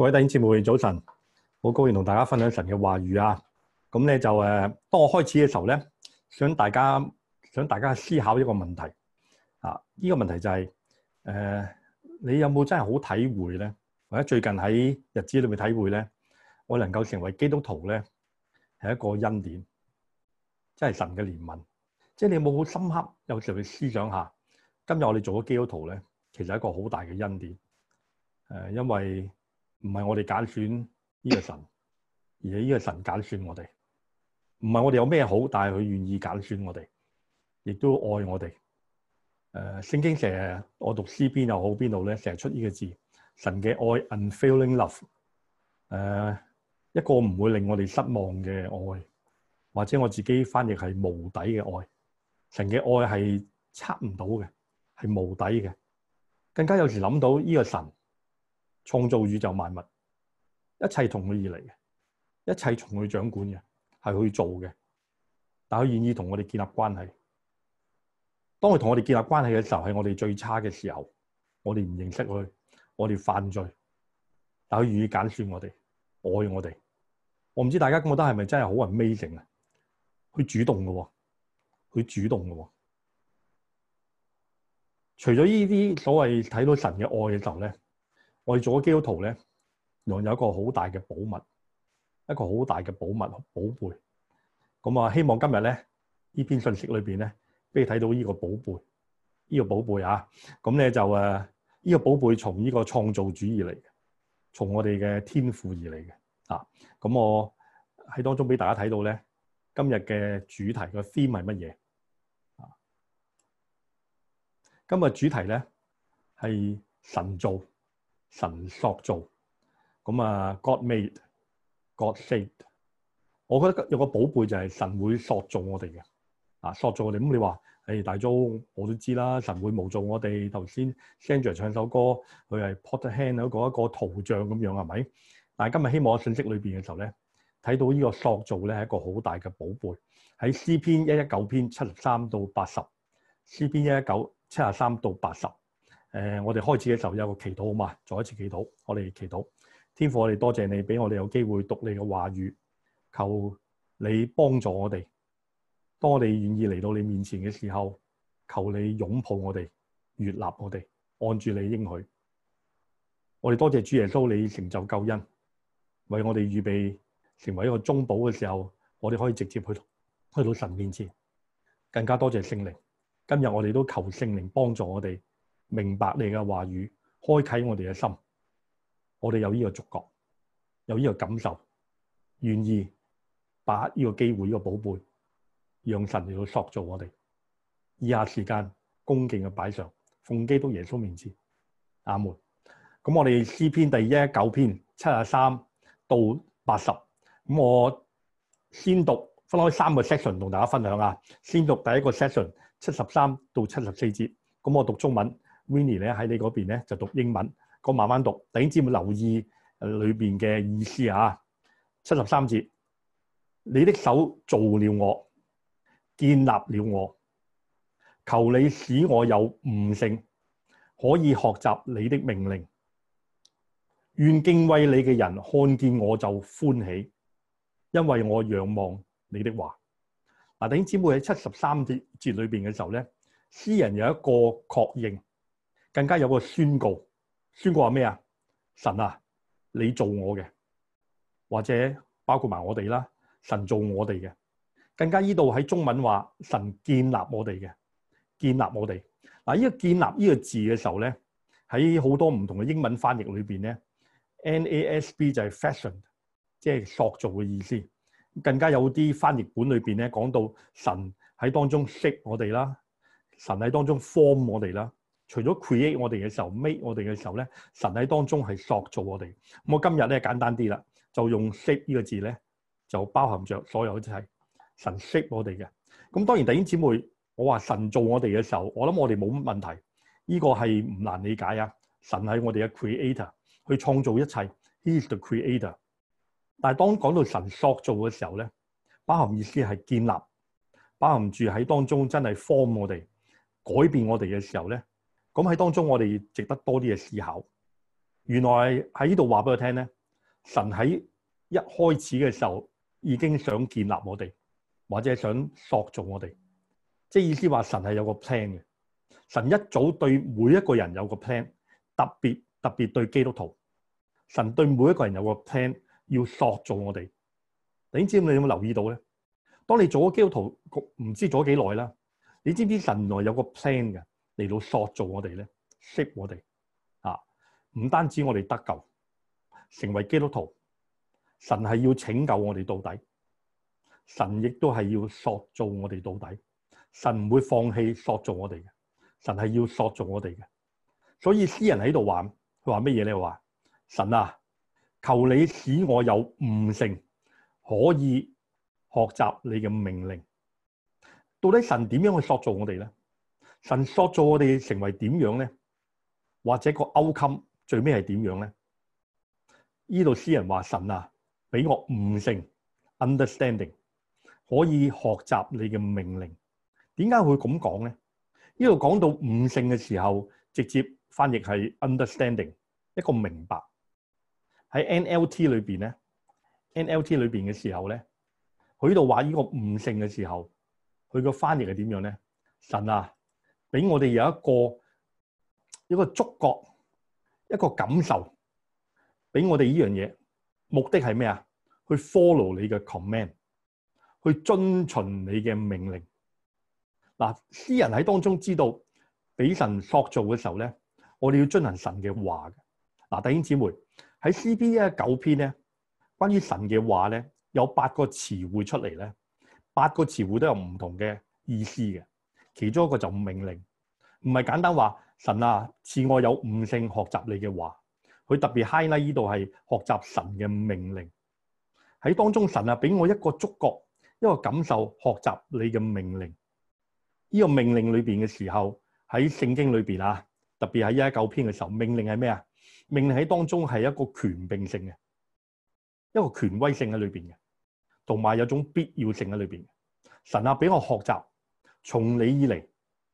各位弟兄姊妹，早晨！好高興同大家分享神嘅話語啊！咁咧就誒，當我開始嘅時候咧，想大家想大家思考一個問題啊！呢個問題就係，誒，你有冇真係好體會咧？或者最近喺日子裏面體會咧，我能夠成為基督徒咧，係一個恩典，即係神嘅憐憫。即係你有冇好深刻？有時候去思想下，今日我哋做咗基督徒咧，其實係一個好大嘅恩典。誒，因為唔係我哋揀選呢個神，而係呢個神揀選我哋，唔係我哋有咩好，但係佢願意揀選我哋，亦都愛我哋。誒、呃，聖經成日我讀詩篇又好邊度咧，成日出呢個字，神嘅愛 unfailing love，、呃、一個唔會令我哋失望嘅愛，或者我自己翻譯係無底嘅愛。神嘅愛係測唔到嘅，係無底嘅，更加有時諗到呢個神。創造宇宙萬物，一切從佢而嚟嘅，一切從佢掌管嘅，係佢做嘅。但佢願意同我哋建立關係。當佢同我哋建立關係嘅時候，係我哋最差嘅時候，我哋唔認識佢，我哋犯罪。但佢願意揀選我哋，愛我哋。我唔知大家覺得係咪真係好係 Amazing 啊？佢主動嘅，佢主動嘅。除咗呢啲所謂睇到神嘅愛嘅時候咧。我哋做的基督徒呢，擁有一個好大嘅寶物，一個好大嘅寶物寶貝。咁啊，希望今日呢，呢篇信息裏面呢，俾你睇到呢個寶貝，呢、呢個寶貝啊。咁咧就誒，呢、呢個寶貝從呢個創造主義嚟嘅，從我哋嘅天父而嚟嘅啊。咁我喺當中俾大家睇到呢，今日嘅主題嘅 theme 係乜嘢啊？今日主題呢，係神造。神塑造，咁啊，God made，God shaped。我覺得有個寶貝就係神會塑造我哋嘅，啊，塑造我哋。咁你話，誒、欸、大眾我都知啦，神會模造我哋。頭先 Sandra 唱首歌，佢係 put a hand 嗰一個圖像咁樣，係咪？但係今日希望我信息裏邊嘅時候咧，睇到呢個塑造咧係一個好大嘅寶貝。喺詩篇一一九篇七十三到八十，詩篇一一九七十三到八十。誒、呃，我哋開始嘅時候有個祈禱好嘛？再一次祈禱，我哋祈禱。天父，我哋多謝你俾我哋有機會讀你嘅話語，求你幫助我哋。當我哋願意嚟到你面前嘅時候，求你擁抱我哋、悅納我哋、按住你應許。我哋多謝主耶穌，你成就救恩，為我哋預備成為一個中保嘅時候，我哋可以直接去，去到神面前。更加多謝聖靈，今日我哋都求聖靈幫助我哋。明白你嘅話語，開啟我哋嘅心。我哋有呢個觸覺，有呢個感受，願意把呢個機會、呢、呢個寶貝，讓神嚟到塑造我哋。以下時間恭敬嘅擺上奉基督耶穌名字阿門。咁我哋詩篇第一一九篇七十三到八十，咁我先讀分開三個 section 同大家分享啊。先讀第一個 section 七十三到七十四節，咁我讀中文。Winnie 咧喺你嗰邊咧就讀英文，我慢慢讀。弟兄姊妹留意裏邊嘅意思啊，七十三節，你的手造了我，建立了我，求你使我有悟性，可以學習你的命令。願敬畏你嘅人看見我就歡喜，因為我仰望你的話。嗱，弟兄姊妹喺七十三節節裏邊嘅時候咧，詩人有一個確認。更加有個宣告，宣告話咩啊？神啊，你做我嘅，或者包括埋我哋啦。神做我哋嘅，更加依度喺中文話神建立我哋嘅，建立我哋。嗱，呢個建立呢個字嘅時候咧，喺好多唔同嘅英文翻譯裏邊咧，NASB 就係 fashion，即係塑造嘅意思。更加有啲翻譯本裏邊咧講到神喺當中識我哋啦，神喺當中 form 我哋啦。除咗 create 我哋嘅時候，make 我哋嘅時候咧，神喺當中係塑造我哋。咁我今日咧簡單啲啦，就用 shape 呢個字咧，就包含着所有嘅嘢。神 shape 我哋嘅。咁當然弟兄姊妹，我話神造我哋嘅時候，我諗我哋冇乜問題，呢個係唔難理解啊。神係我哋嘅 creator，去創造一切。He is the creator。但係當講到神塑造嘅時候咧，包含意思係建立，包含住喺當中真係 form 我哋，改變我哋嘅時候咧。咁喺當中，我哋值得多啲嘅思考。原來喺呢度話俾我聽咧，神喺一開始嘅時候已經想建立我哋，或者想塑造我哋。即係意思話，神係有個 plan 嘅。神一早對每一個人有個 plan，特別特別對基督徒。神對每一個人有個 plan，要塑造我哋。你知唔知你有冇留意到咧？當你做咗基督徒，唔知做咗幾耐啦？你知唔知神原來有個 plan 嘅？嚟到塑造我哋咧，識我哋啊！唔單止我哋得救，成為基督徒，神係要拯救我哋到底，神亦都係要塑造我哋到底。神唔會放棄塑造我哋嘅，神係要塑造我哋嘅。所以詩人喺度話，佢話乜嘢咧？話神啊，求你使我有悟性，可以學習你嘅命令。到底神點樣去塑造我哋咧？神塑造我哋成為點樣咧？或者個 outcome 最尾係點樣咧？呢度詩人話，神啊，俾我悟性 （understanding） 可以學習你嘅命令。點解會咁講咧？呢度講到悟性嘅時候，直接翻譯係 understanding，一個明白。喺 NLT 裏邊咧，NLT 裏邊嘅時候咧，佢呢度話呢個悟性嘅時候，佢個翻譯係點樣咧？神啊！俾我哋有一個一個觸覺，一個感受，俾我哋呢樣嘢。目的係咩啊？去 follow 你嘅 command，去遵循你嘅命令。嗱，詩人喺當中知道，俾神塑造嘅時候咧，我哋要遵行神嘅話。嗱，弟兄姊妹喺詩篇119篇咧，關於神嘅話咧，有八個詞彙出嚟咧，八個詞彙都有唔同嘅意思嘅。其中一個就命令，唔係簡單話神啊賜我有悟性學習你嘅話，佢特別 highlight 呢度係學習神嘅命令。喺當中神啊俾我一個觸覺，一個感受，學習你嘅命令。呢、呢個命令裏邊嘅時候，喺聖經裏邊啊，特別喺一一九篇嘅時候，命令係咩啊？命令喺當中係一個權柄性嘅，一個權威性喺裏邊嘅，同埋有種必要性喺裏邊嘅。神啊俾我學習。從你以嚟，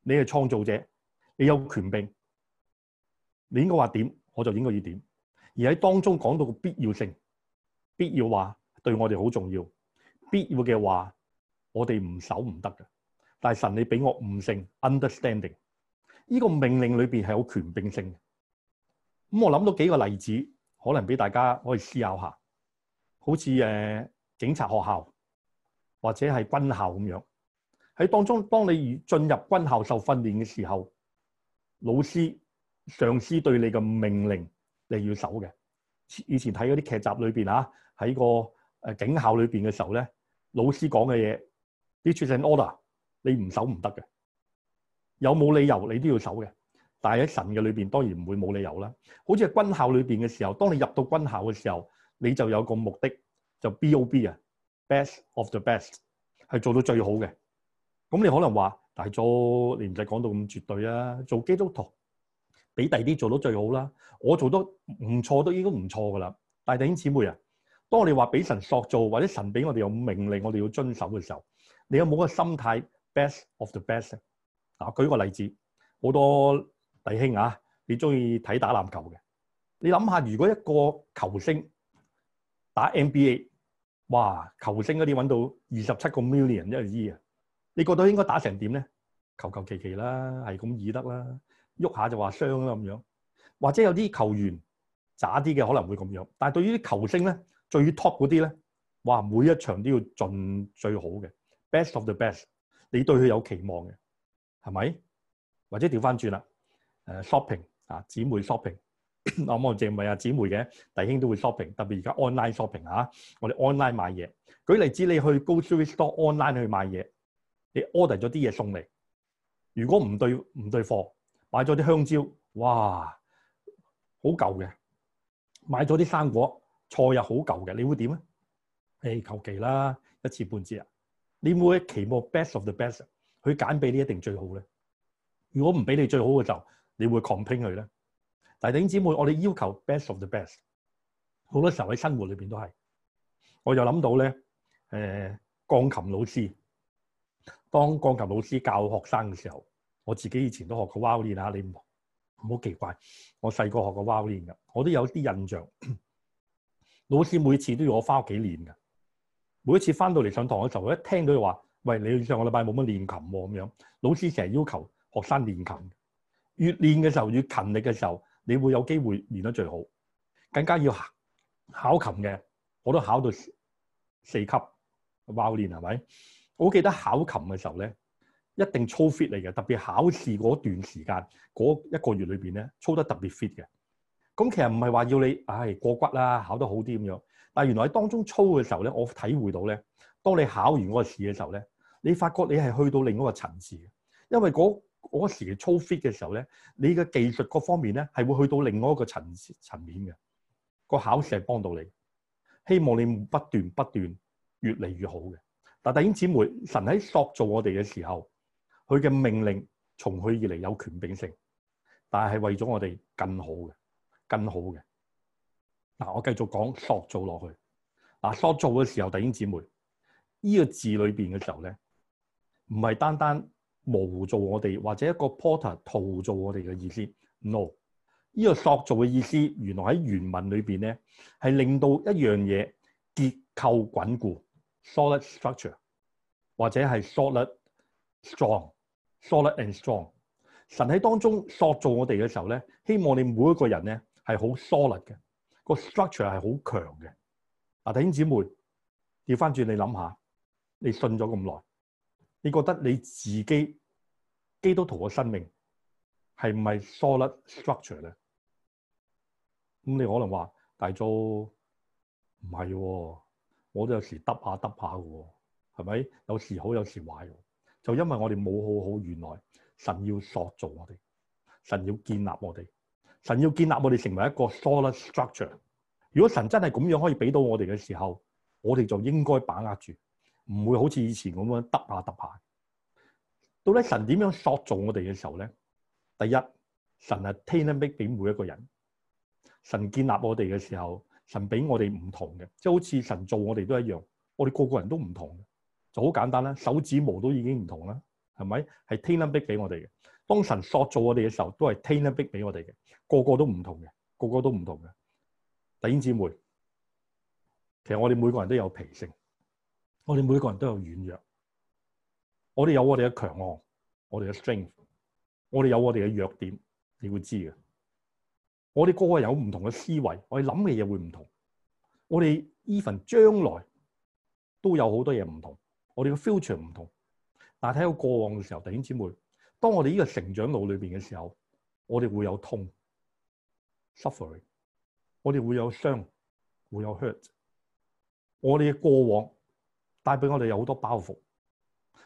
你係創造者，你有權柄，你應該話點，我就應該要點。而喺當中講到個必要性，必要話對我哋好重要，必要嘅話我哋唔守唔得嘅。但係神你俾我悟性 （understanding），呢、這個命令裏面係有權柄性嘅。咁我諗到幾個例子，可能俾大家可以思考下，好似、呃、警察學校或者係軍校咁樣。喺當中，當你入進入軍校受訓練嘅時候，老師、上司對你嘅命令，你要守嘅。以前睇嗰啲劇集裏邊啊，喺個誒警校裏邊嘅時候咧，老師講嘅嘢，This is an order，你唔守唔得嘅。有冇理由你都要守嘅？但係喺神嘅裏邊當然唔會冇理由啦。好似係軍校裏邊嘅時候，當你入到軍校嘅時候，你就有一個目的，就 B.O.B 啊，best of the best，係做到最好嘅。咁你可能話，大咗你唔使講到咁絕對啊。做基督徒，比第啲做到最好啦。我做得唔錯都已經唔錯噶啦。但弟兄姊妹啊，當我哋話俾神塑造，或者神俾我哋有命令，我哋要遵守嘅時候，你有冇個心態 best of the best 啊？舉個例子，好多弟兄啊，你中意睇打籃球嘅？你諗下，如果一個球星打 NBA，哇！球星嗰啲揾到二十七個 million 一年啊！你覺得應該打成點咧？求求其其啦，係咁易得啦，喐下就話傷啦咁樣。或者有啲球員渣啲嘅可能會咁樣，但係對於啲球星咧，最 top 嗰啲咧，哇！每一場都要盡最好嘅 best of the best，你對佢有期望嘅係咪？或者調翻轉啦，誒 shopping 啊，姊妹 shopping， 我冇借問阿姊妹嘅，弟兄都會 shopping，特別而家 online shopping 啊，我哋 online 買嘢。舉例子，你去 Go To Store online 去買嘢。你 order 咗啲嘢送嚟，如果唔對唔對貨，買咗啲香蕉，哇，好舊嘅；買咗啲生果，菜又好舊嘅，你會點咧？唉、欸，求其啦，一次半次啊。你會期望 best of the best 佢揀俾你一定最好咧？如果唔俾你最好嘅時候，你會 complain 佢咧？但係弟兄姊妹，我哋要求 best of the best，好多時候喺生活裏邊都係。我就諗到咧，誒、呃，鋼琴老師。當鋼琴老師教學生嘅時候，我自己以前都學過 violin 啊，你唔好奇怪，我細個學過 violin 噶，我都有啲印象。老師每次都要我翻屋企練噶，每一次翻到嚟上堂嘅時候，一聽到就話：喂，你上個禮拜冇乜練琴咁樣。老師成日要求學生練琴，越練嘅時候越勤力嘅時候，你會有機會練得最好。更加要考琴嘅，我都考到四級 violin 係咪？Wow 我記得考琴嘅時候咧，一定操 fit 嚟嘅，特別考試嗰段時間嗰一個月裏邊咧，操得特別 fit 嘅。咁其實唔係話要你唉、哎、過骨啦，考得好啲咁樣。但係原來喺當中操嘅時候咧，我體會到咧，當你考完嗰個試嘅時候咧，你發覺你係去到另外一個層次嘅，因為嗰、那、嗰、個、時操 fit 嘅時候咧，你嘅技術各方面咧係會去到另外一個層層面嘅。個考試係幫到你，希望你不，不斷不斷越嚟越好嘅。嗱，弟兄姊妹，神喺塑造我哋嘅時候，佢嘅命令從佢以嚟有權柄性，但係係為咗我哋更好嘅，更好嘅。嗱，我繼續講塑造落去。嗱，塑造嘅時候，弟兄姊妹，呢、這個字裏邊嘅時候咧，唔係單單模糊做我哋或者一個 porter 塗造我哋嘅意思。No，呢個塑造嘅意思原來喺原文裏邊咧係令到一樣嘢結構穩固。solid structure 或者係 solid strong solid and strong，神喺當中塑造我哋嘅時候咧，希望你每一個人咧係好 solid 嘅，個 structure 係好強嘅。嗱，弟兄姊妹，調翻轉你諗下，你信咗咁耐，你覺得你自己基督徒嘅生命係唔係 solid structure 咧？咁你可能話大造唔係喎。我都有時揼下揼下嘅喎，係咪？有時好，有時壞，就因為我哋冇好好，原來神要塑造我哋，神要建立我哋，神要建立我哋成為一個 solid structure。如果神真係咁樣可以俾到我哋嘅時候，我哋就應該把握住，唔會好似以前咁樣揼下揼下。到底神點樣塑造我哋嘅時候咧，第一，神係天一俾每一個人，神建立我哋嘅時候。神俾我哋唔同嘅，即係好似神造我哋都一樣，我哋個個人都唔同嘅，就好簡單啦。手指模都已經唔同啦，係咪？係天恩逼俾我哋嘅。當神塑造我哋嘅時候，都係天恩逼俾我哋嘅，個個都唔同嘅，個個都唔同嘅。弟兄姊妹，其實我哋每個人都有脾性，我哋每個人都有軟弱，我哋有我哋嘅強項，我哋嘅 strength，我哋有我哋嘅弱點，你會知嘅。我哋個個有唔同嘅思維，我哋諗嘅嘢會唔同。我哋 even 將來都有好多嘢唔同，我哋嘅 future 唔同。但係睇到過往嘅時候，弟兄姊妹，當我哋呢個成長路裏邊嘅時候，我哋會有痛，suffering，我哋會有傷，會有 hurt。我哋嘅過往帶俾我哋有好多包袱，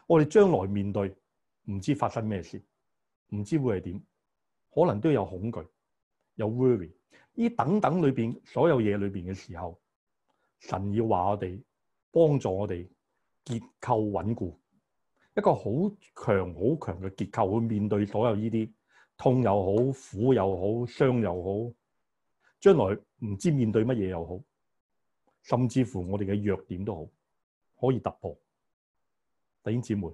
我哋將來面對唔知發生咩事，唔知會係點，可能都有恐懼。有 worry，呢等等裏邊所有嘢裏邊嘅時候，神要話我哋幫助我哋結構穩固，一個好強好強嘅結構會面對所有呢啲痛又好、苦又好、傷又好，將來唔知面對乜嘢又好，甚至乎我哋嘅弱點都好可以突破。弟兄姊妹，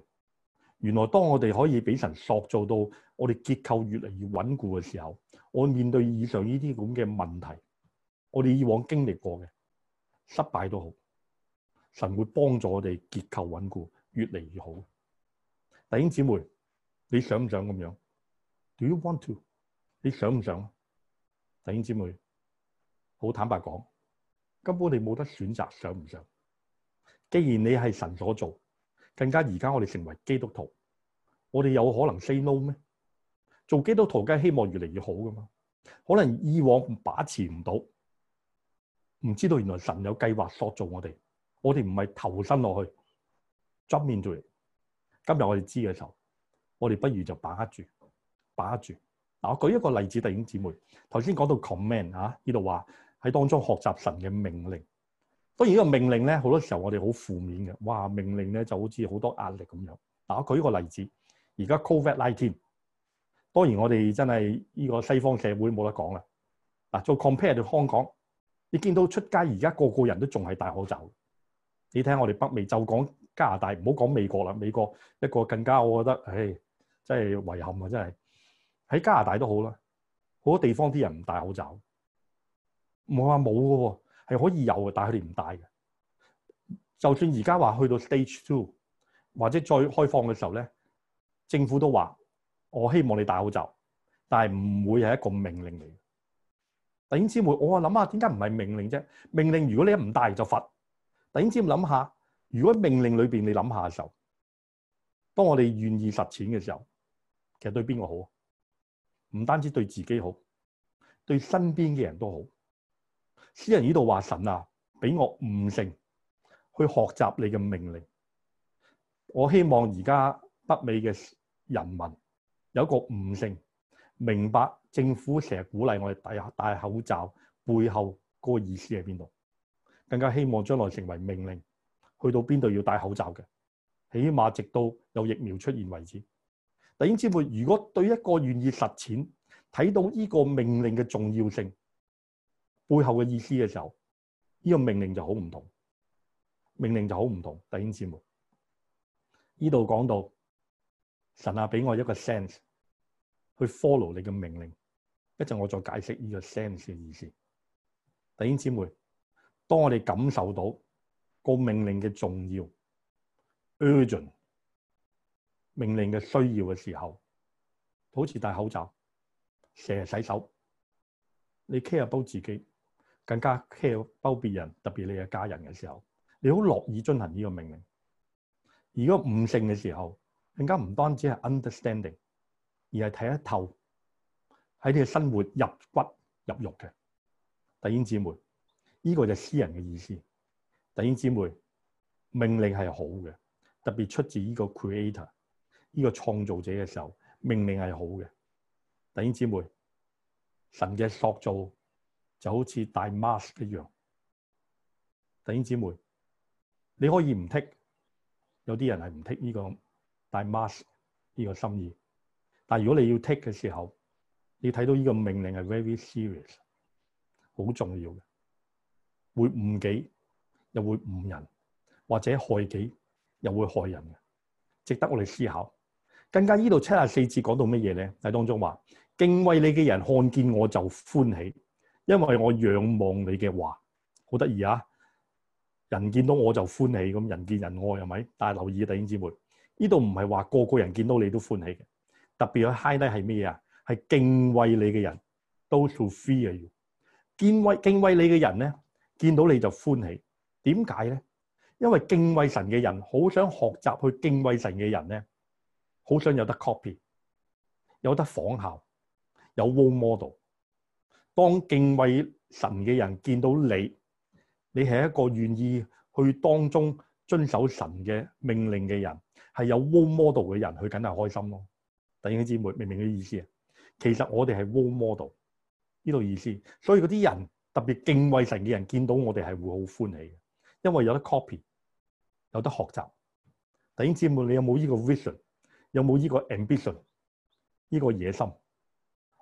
原來當我哋可以俾神塑造到我哋結構越嚟越穩固嘅時候。我面對以上呢啲咁嘅問題，我哋以往經歷過嘅失敗都好，神會幫助我哋結構穩固，越嚟越好。弟兄姊妹，你想唔想咁樣？Do you want to？你想唔想？弟兄姊妹，好坦白講，根本你冇得選擇，想唔想？既然你係神所做，更加而家我哋成為基督徒，我哋有可能 say no 咩？做基督徒梗係希望越嚟越好噶嘛？可能以往把持唔到，唔知道原來神有計劃塑造我哋。我哋唔係投身落去執面罪。今日我哋知嘅時候，我哋不如就把握住，把握住。嗱，我舉一個例子，弟兄姊妹，頭先講到 command 啊，呢度話喺當中學習神嘅命令。當然呢個命令咧，好多時候我哋好負面嘅，哇！命令咧就好似好多壓力咁樣。嗱，我舉一個例子，而家 COVID-19。19, 當然，我哋真係呢個西方社會冇得講啦。嗱，做 compare 對香港，你見到出街而家個個人都仲係戴口罩。你睇我哋北美就講加拿大，唔好講美國啦。美國一個更加，我覺得唉、哎，真係遺憾啊！真係喺加拿大都好啦，好多地方啲人唔戴口罩。唔係話冇嘅喎，係可以有嘅，但係佢哋唔戴嘅。就算而家話去到 stage two，或者再開放嘅時候咧，政府都話。我希望你戴口罩，但係唔會係一個命令嚟。弟兄姊妹，我啊諗下，點解唔係命令啫？命令如果你一唔戴就罰。弟兄姊妹諗下，如果命令裏邊你諗下嘅時候，當我哋願意實踐嘅時候，其實對邊個好？唔單止對自己好，對身邊嘅人都好。詩人呢度話神啊，俾我悟性去學習你嘅命令。我希望而家北美嘅人民，有一個悟性，明白政府成日鼓勵我哋戴戴口罩背後嗰個意思喺邊度，更加希望將來成為命令，去到邊度要戴口罩嘅，起碼直到有疫苗出現為止。弟兄姊妹，如果對一個願意實踐、睇到呢個命令嘅重要性背後嘅意思嘅時候，呢個命令就好唔同，命令就好唔同。弟兄姊妹，呢度講到神啊，俾我一個 sense。去 follow 你嘅命令，一陣我再解釋呢個 sense 嘅意思。弟兄姊妹，當我哋感受到個命令嘅重要、urgent 命令嘅需要嘅時候，好似戴口罩、成日洗手，你 care about 自己，更加 care about 別人，特別你嘅家人嘅時候，你好樂意進行呢個命令。如果悟性嘅時候，更加唔單止係 understanding。而係睇得透，喺你嘅生活入骨入肉嘅。弟兄姊妹，呢個就係私人嘅意思。弟兄姊妹，命令係好嘅，特別出自呢個 Creator 呢個創造者嘅時候，命令係好嘅。弟兄姊妹，神嘅塑造就好似大 mask 一樣。弟兄姊妹，你可以唔剔，有啲人係唔剔呢個大 mask 呢個心意。但如果你要 take 嘅時候，你睇到呢個命令係 very serious，好重要嘅，會誤己又會誤人，或者害己又會害人嘅，值得我哋思考。更加呢度七十四節講到乜嘢咧？喺當中話敬畏你嘅人看見我就歡喜，因為我仰望你嘅話好得意啊！人見到我就歡喜咁，人見人愛係咪？但係留意弟兄姊妹，呢度唔係話個個人見到你都歡喜嘅。特別去 high 低係咩啊？係敬畏你嘅人都 fear you，敬畏敬畏你嘅人咧，見到你就歡喜。點解咧？因為敬畏神嘅人好想學習去敬畏神嘅人咧，好想有得 copy，有得仿效，有 role model。當敬畏神嘅人見到你，你係一個願意去當中遵守神嘅命令嘅人，係有 role model 嘅人，佢梗係開心咯。弟兄姊妹，明唔明嘅意思啊？其實我哋係 role model，呢度意思。所以嗰啲人特別敬畏神嘅人，見到我哋係會好歡喜嘅，因為有得 copy，有得學習。弟兄姊妹，你有冇呢個 vision？有冇呢個 ambition？呢個野心？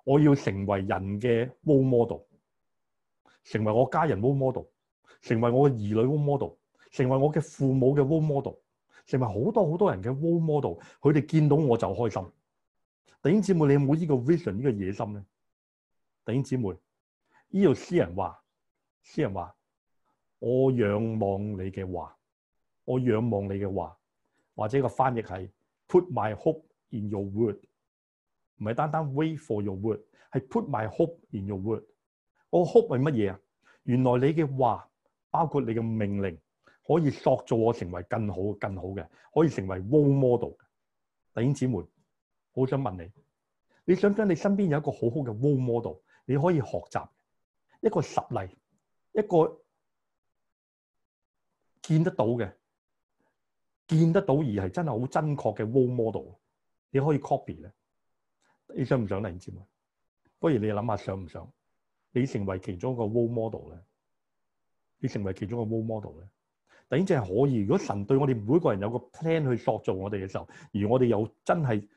我要成為人嘅 role model，成為我家人 role model，成為我嘅兒女 role model，成為我嘅父母嘅 role model，成為好多好多人嘅 role model。佢哋見到我就開心。弟兄姊妹，你有冇呢個 vision，呢個野心咧？弟兄姊妹，呢度詩人話，詩人話，我仰望你嘅話，我仰望你嘅話，或者個翻譯係 put my hope in your word，唔係單單 wait for your word，係 put my hope in your word。我 hope 係乜嘢啊？原來你嘅話包括你嘅命令，可以塑造我成為更好更好嘅，可以成為 role model。弟兄姊妹。我想問你，你想唔想你身邊有一個好好嘅 role model，你可以學習一個實例，一個見得到嘅、見得到而係真係好真確嘅 role model，你可以 copy 咧？你想唔想嚟知唔知？不如你諗下想唔想，想你？你成為其中一個 role model 咧？你成為其中一個 role model 咧？等陣係可以。如果神對我哋每個人有個 plan 去塑造我哋嘅時候，而我哋又真係～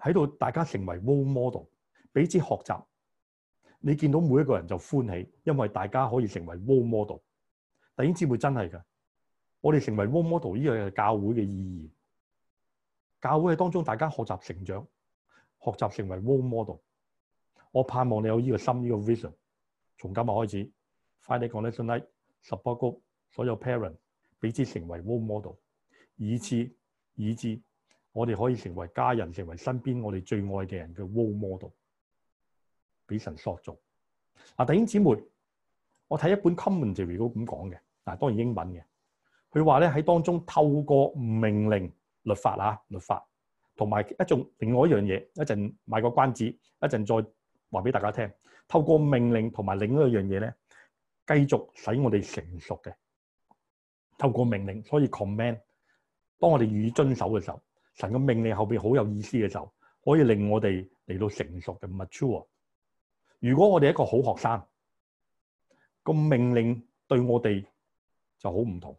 喺度大家成為 role model，彼此學習。你見到每一個人就歡喜，因為大家可以成為 role model。突然之會真係㗎，我哋成為 role model 呢個係教會嘅意義。教會喺當中大家學習成長，學習成為 role model。我盼望你有呢個心呢個 vision，從今日開始快啲 find the connection light support 所有 parent，彼此成為 role model，以至以至。以我哋可以成為家人，成為身邊我哋最愛嘅人嘅 role model 俾神塑造。嗱弟兄姊妹，我睇一本 commentary 都咁講嘅，嗱當然英文嘅，佢話咧喺當中透過命令律法啊，律法同埋一種另外一樣嘢，一陣賣個關子，一陣再話俾大家聽。透過命令同埋另外一樣嘢咧，繼續使我哋成熟嘅。透過命令，所以 command，當我哋予以遵守嘅時候。神嘅命令後邊好有意思嘅時候，可以令我哋嚟到成熟嘅 mature。如果我哋一個好學生，個命令對我哋就好唔同。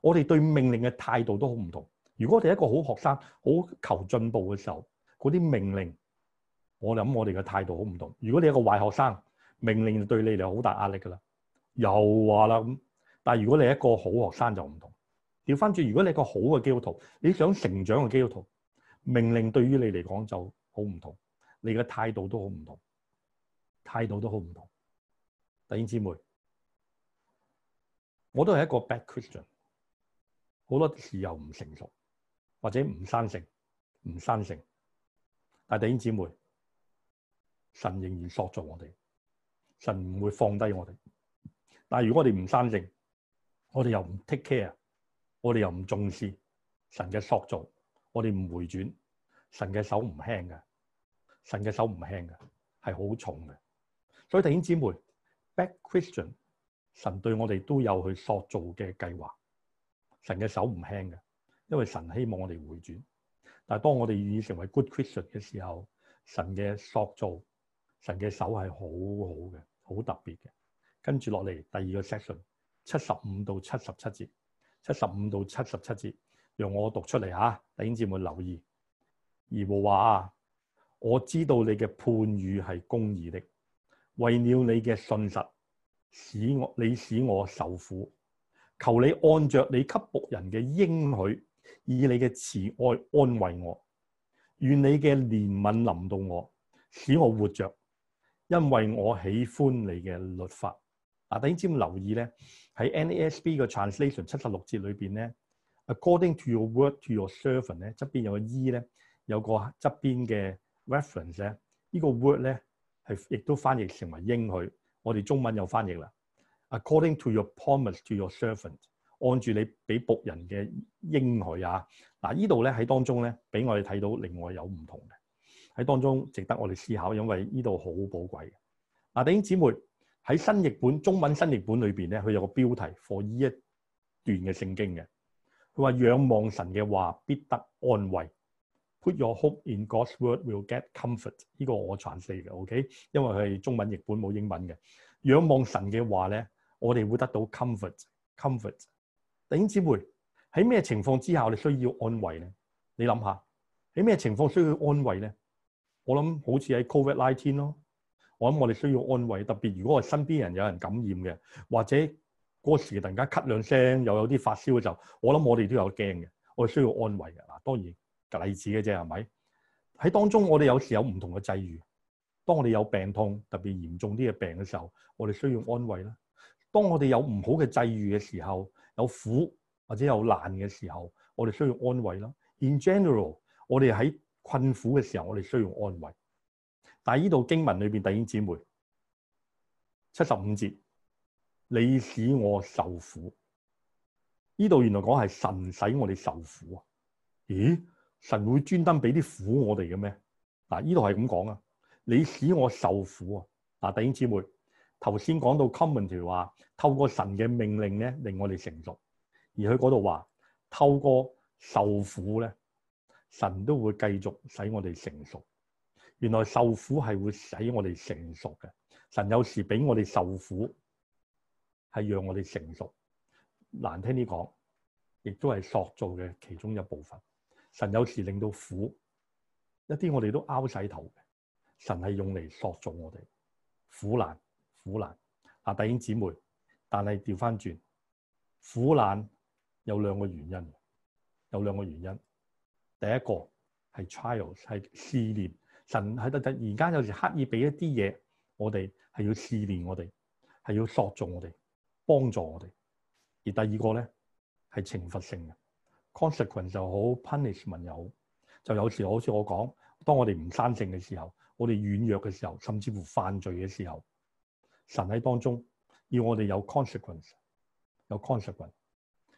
我哋對命令嘅態度都好唔同。如果我哋一個好學生，好求進步嘅時候，嗰啲命令，我諗我哋嘅態度好唔同。如果你一個壞學生，命令對你嚟好大壓力㗎啦，又話啦咁。但係如果你一個好學生就唔同。調翻轉，如果你係個好嘅基督徒，你想成長嘅基督徒，命令對於你嚟講就好唔同，你嘅態度都好唔同，態度都好唔同。弟兄姊妹，我都係一個 bad Christian，好多時又唔成熟或者唔生性。唔生性。但係弟兄姊妹，神仍然塑造我哋，神唔會放低我哋。但係如果我哋唔生性，我哋又唔 take care。我哋又唔重視神嘅塑造，我哋唔回轉，神嘅手唔輕嘅，神嘅手唔輕嘅，係好重嘅。所以弟兄姊妹 back Christian，神對我哋都有佢塑造嘅計劃，神嘅手唔輕嘅，因為神希望我哋回轉。但係當我哋願意成為 good Christian 嘅時候，神嘅塑造，神嘅手係好好嘅，好特別嘅。跟住落嚟第二個 section，七十五到七十七節。七十五到七十七節，讓我讀出嚟吓，弟兄姊妹留意。耶和華啊，我知道你嘅判語係公義的，為了你嘅信實，使我你使我受苦。求你按着你給僕人嘅應許，以你嘅慈愛安慰我，願你嘅憐憫臨到我，使我活着，因為我喜歡你嘅律法。嗱，弟兄姊妹留意咧，喺 NASB 嘅 translation 七十六節裏邊咧，According to your word to your servant 咧，側邊有個 E 咧，有個側邊嘅 reference 咧，呢、這個 word 咧係亦都翻譯成為應許，我哋中文有翻譯啦。According to your promise to your servant，按住你俾僕人嘅應許啊！嗱，呢度咧喺當中咧，俾我哋睇到另外有唔同嘅，喺當中值得我哋思考，因為呢度好寶貴嘅。嗱、啊，弟兄姊妹。喺新譯本中文新譯本裏邊咧，佢有個標題 for 呢一段嘅聖經嘅。佢話：仰望神嘅話，必得安慰。Put your hope in God’s word, will get comfort。呢個我傳譯嘅，OK。因為佢係中文譯本冇英文嘅。仰望神嘅話咧，我哋會得到 comfort, comfort。弟兄姊妹，喺咩情況之下你需要安慰咧？你諗下喺咩情況需要安慰咧？我諗好似喺 Covid nineteen 咯。我諗我哋需要安慰，特別如果我身邊人有人感染嘅，或者嗰時突然間咳兩聲，又有啲發燒嘅時候，我諗我哋都有驚嘅，我哋需要安慰嘅。嗱，當然例子嘅啫，係咪？喺當中我哋有時有唔同嘅際遇，當我哋有病痛特別嚴重啲嘅病嘅時候，我哋需要安慰啦。當我哋有唔好嘅際遇嘅時候，有苦或者有難嘅時候，我哋需要安慰啦。In general，我哋喺困苦嘅時候，我哋需要安慰。但係呢度經文裏邊，弟兄姊妹，七十五節，你使我受苦。呢度原來講係神使我哋受苦啊？咦，神會專登俾啲苦我哋嘅咩？嗱，呢度係咁講啊，你使我受苦啊！嗱，弟兄姊妹，頭先講到 commentary 話，透過神嘅命令咧，令我哋成熟。而佢嗰度話，透過受苦咧，神都會繼續使我哋成熟。原來受苦係會使我哋成熟嘅，神有時俾我哋受苦係讓我哋成熟，難聽啲講，亦都係塑造嘅其中一部分。神有時令到苦，一啲我哋都拗晒頭嘅，神係用嚟塑造我哋。苦難，苦難，啊弟兄姊妹，但係調翻轉苦難有兩個原因，有兩個原因。第一個係 trial，係試煉。神喺度突然間有時刻意俾一啲嘢，我哋係要試煉我哋，係要塑造我哋，幫助我哋。而第二個咧係懲罰性嘅，consequence 就好，punishment 又好，就有時好似我講，當我哋唔生性嘅時候，我哋軟弱嘅時候，甚至乎犯罪嘅時候，神喺當中要我哋有 consequence，有 consequence。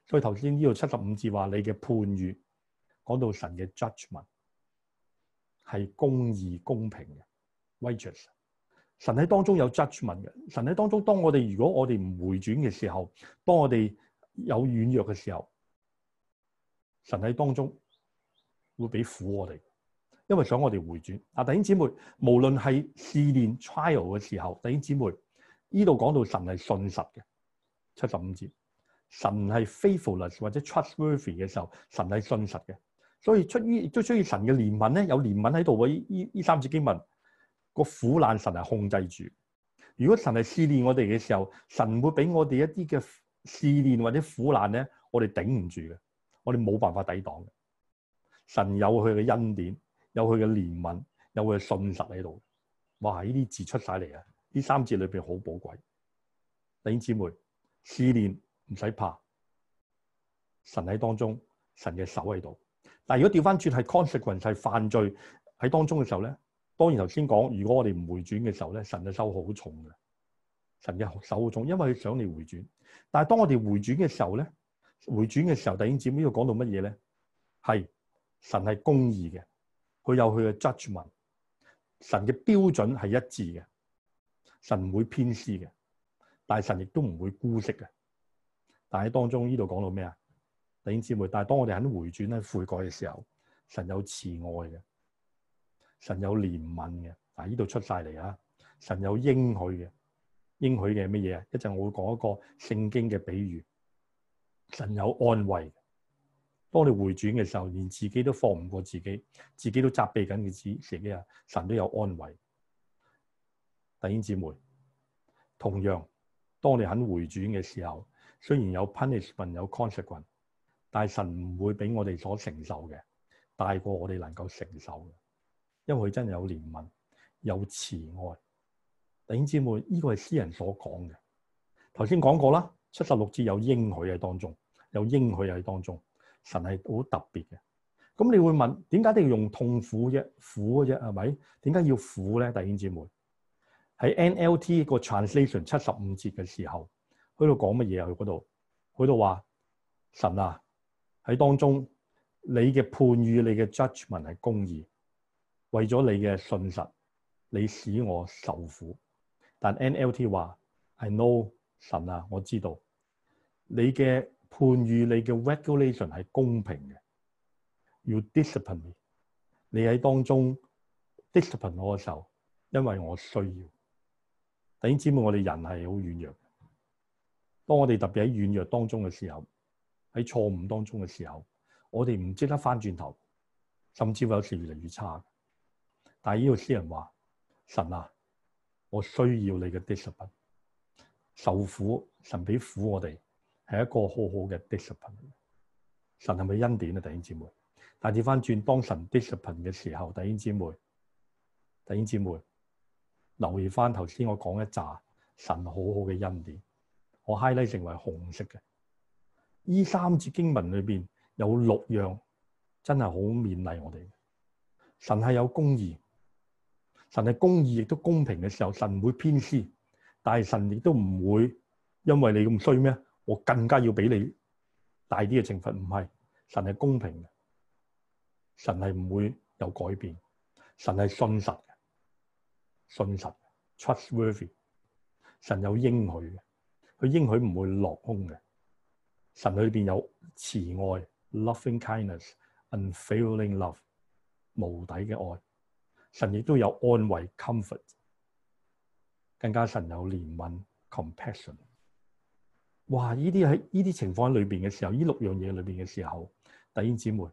所以頭先呢度七十五節話你嘅判語，講到神嘅 judgment 係公義、公平嘅。Righteous. 神喺當中有 judgement 嘅。神喺當中，當我哋如果我哋唔回轉嘅時候，當我哋有軟弱嘅時候，神喺當中會俾苦我哋，因為想我哋回轉。啊，弟兄姊妹，無論係試煉 trial 嘅時候，弟兄姊妹，呢度講到神係信實嘅七十五節，神係 faithfulness 或者 trustworthy 嘅時候，神係信實嘅。所以出於都出於神嘅憐憫咧，有憐憫喺度喎。呢呢三節經文，個苦難神係控制住。如果神係試煉我哋嘅時候，神會俾我哋一啲嘅試煉或者苦難咧，我哋頂唔住嘅，我哋冇辦法抵擋嘅。神有佢嘅恩典，有佢嘅憐憫，有佢嘅信實喺度。哇！呢啲字出晒嚟啊！呢三節裏邊好寶貴。弟兄姊妹，試煉唔使怕，神喺當中，神嘅手喺度。嗱，但如果調翻轉係 consequence 係犯罪喺當中嘅時候咧，當然頭先講，如果我哋唔回轉嘅時候咧，神就手好重嘅，神就手好重，因為佢想你回轉。但係當我哋回轉嘅時候咧，回轉嘅時候，弟兄姊妹呢度講到乜嘢咧？係神係公義嘅，佢有佢嘅 judgment，神嘅標準係一致嘅，神唔會偏私嘅，但係神亦都唔會姑息嘅。但係當中呢度講到咩啊？弟兄姊妹，但係當我哋肯回轉咧，悔改嘅時候，神有慈愛嘅，神有憐憫嘅。嗱、啊，呢度出晒嚟啊！神有應許嘅，應許嘅係乜嘢啊？一陣我會講一個聖經嘅比喻。神有安慰，當你回轉嘅時候，連自己都放唔過自己，自己都責備緊嘅子自己啊，神都有安慰。弟兄姊妹，同樣當你肯回轉嘅時候，雖然有 punishment，有 consequence。但神唔會俾我哋所承受嘅，大過我哋能夠承受嘅。因為佢真係有憐憫，有慈愛。弟兄姊妹，呢個係詩人所講嘅。頭先講過啦，七十六節有應許喺當中，有應許喺當中。神係好特別嘅。咁你會問，點解你要用痛苦啫？苦嘅啫，係咪？點解要苦咧？弟兄姊妹，喺 NLT 個 translation 七十五節嘅時候，佢度講乜嘢啊？佢度佢度話神啊！喺當中，你嘅判語，你嘅 judgment 係公義，為咗你嘅信實，你使我受苦。但 NLT 話，I know 神啊，我知道你嘅判語，你嘅 regulation 係公平嘅，You discipline me。你喺當中 discipline 我嘅時候，因為我需要。弟兄姊妹，我哋人係好軟弱的，當我哋特別喺軟弱當中嘅時候。喺錯誤當中嘅時候，我哋唔即刻翻轉頭，甚至會有時越嚟越差。但係呢個詩人話：神啊，我需要你嘅 discipline，受苦，神俾苦我哋係一個好好嘅 discipline。神係咪恩典啊？弟兄姊妹，但轉翻轉當神 discipline 嘅時候，弟兄姊妹，弟兄姊妹，留意翻頭先我講一紮神好好嘅恩典，我 highlight 成為紅色嘅。呢三節經文裏邊有六樣真係好勉勵我哋。神係有公義，神係公義亦都公平嘅時候，神唔會偏私，但係神亦都唔會因為你咁衰咩，我更加要俾你大啲嘅懲罰。唔係，神係公平嘅，神係唔會有改變，神係信實嘅，信實嘅 trustworthy。神有應許嘅，佢應許唔會落空嘅。神裏邊有慈愛 （loving kindness）、unfailing love，無底嘅愛。神亦都有安慰 （comfort），更加神有憐憫 （compassion）。哇！呢啲情況喺裏面嘅時候，呢六樣嘢裏面嘅時候，弟兄姊妹，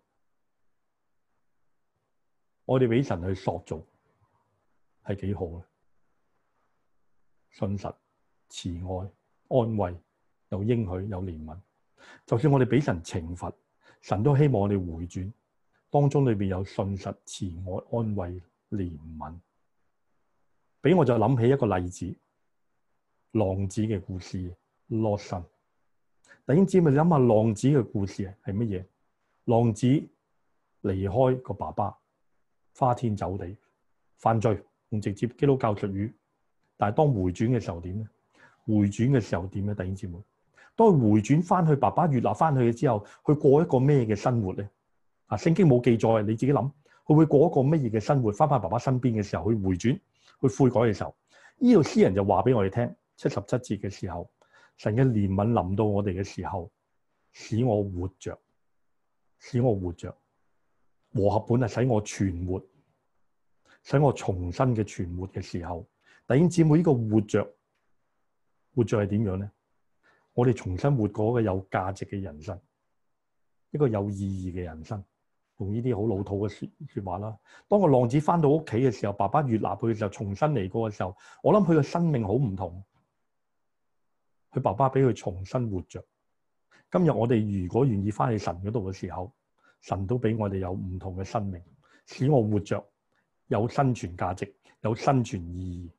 我哋俾神去塑造係幾好嘅，啊，信實、慈愛、安慰，有應許，有憐憫。就算我哋俾神懲罰，神都希望我哋回轉。當中裏面有信實、慈愛、安慰、憐憫。俾我就諗起一個例子，浪子嘅故事。洛神，弟兄姊妹，諗下浪子嘅故事係乜嘢？浪子離開個爸爸，花天酒地，犯罪，用直接基督教術語。但係當回轉嘅時候點呢？回轉嘅時候點呢？弟兄姊妹。當回轉翻去爸爸，悅納翻去嘅之後，去過一個咩嘅生活咧？啊，聖經冇記載，你自己諗，佢會過一個乜嘢嘅生活？翻翻爸爸身邊嘅時候，佢回轉、佢悔改嘅時候，呢度詩人就話俾我哋聽，七十七節嘅時候，神嘅憐憫臨到我哋嘅時候，使我活着，使我活着，和合本係使我存活，使我重新嘅存活嘅時候，弟兄姊妹，呢個活着，活着係點樣咧？我哋重新活過一個有價值嘅人生，一個有意義嘅人生。用呢啲好老土嘅説説話啦。當個浪子返到屋企嘅時候，爸爸悅納佢就重新嚟過嘅時候，我諗佢嘅生命好唔同。佢爸爸俾佢重新活着。今日我哋如果願意返去神嗰度嘅時候，神都俾我哋有唔同嘅生命，使我活着，有生存價值，有生存意義。